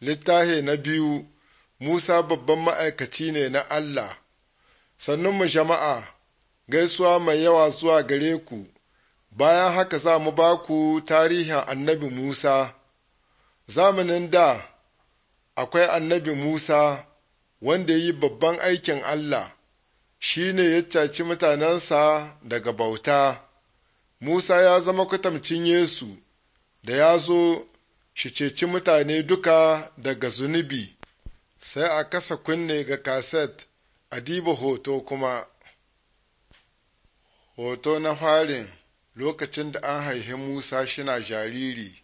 littahi na biyu Musa babban ma'aikaci ne na Allah, sannunmu jama'a, gaisuwa mai yawa zuwa gare ku, bayan haka za mu ba ku tarihin annabi Musa, zamanin da akwai annabi Musa wanda yi babban aikin Allah, shi ne ya caci mutanensa daga bauta, Musa ya zama kwatamcin Yesu da ya zo shi ceci mutane duka daga zunubi, sai a kasa kunne ga kaset a diba hoto kuma. Hoto na farin lokacin da an haihi Musa shina jariri,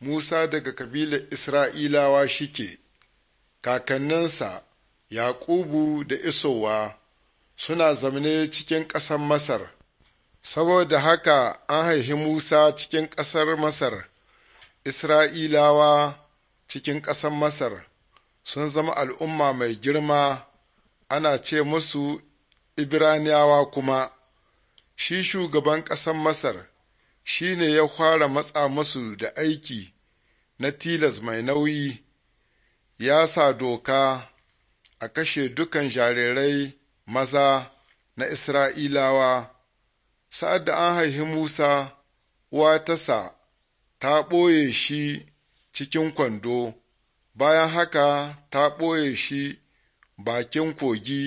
Musa daga kabilar Isra'ilawa shike, kakanninsa Yaƙubu da Isowa suna zamne cikin ƙasar Masar, saboda haka an haihi Musa cikin ƙasar Masar. Isra'ilawa cikin ƙasar Masar sun zama al'umma mai girma ana ce musu Ibraniyawa kuma, shi shugaban ƙasar Masar shi ne ya fara matsa musu da aiki na tilas mai nauyi, ya sa doka a kashe dukan jarirai maza na Isra'ilawa, sa'ad da an haihi Musa, uwa ta sa ta ɓoye shi cikin kwando, bayan haka ta ɓoye shi bakin kogi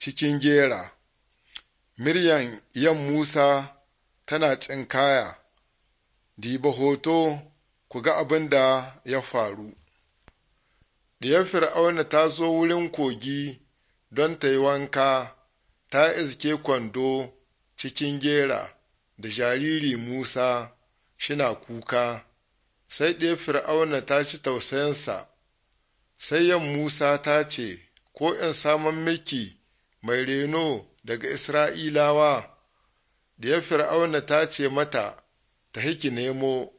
cikin gera. Miryan yan Musa tana tsinkaya, diba hoto ku ga abin da ya faru. Diyar Fir'auna ta zo wurin kogi don ta yi wanka, ta iske kwando cikin gera da jariri Musa shina kuka, sai ɗaya fir'auna ta ci tausayinsa, sai yan Musa ta ce, Ko in saman miki mai reno daga Isra'ilawa, da fir'auna ta ce mata, Ta hiki nemo,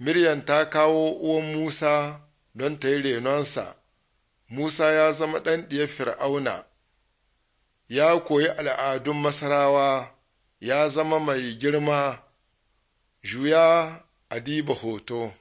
Miryan ta kawo uwan Musa don ta yi renonsa, Musa ya zama ɗan ɗiya fir'auna, ya koyi al'adun Masarawa, ya zama mai girma. juya adiba hoto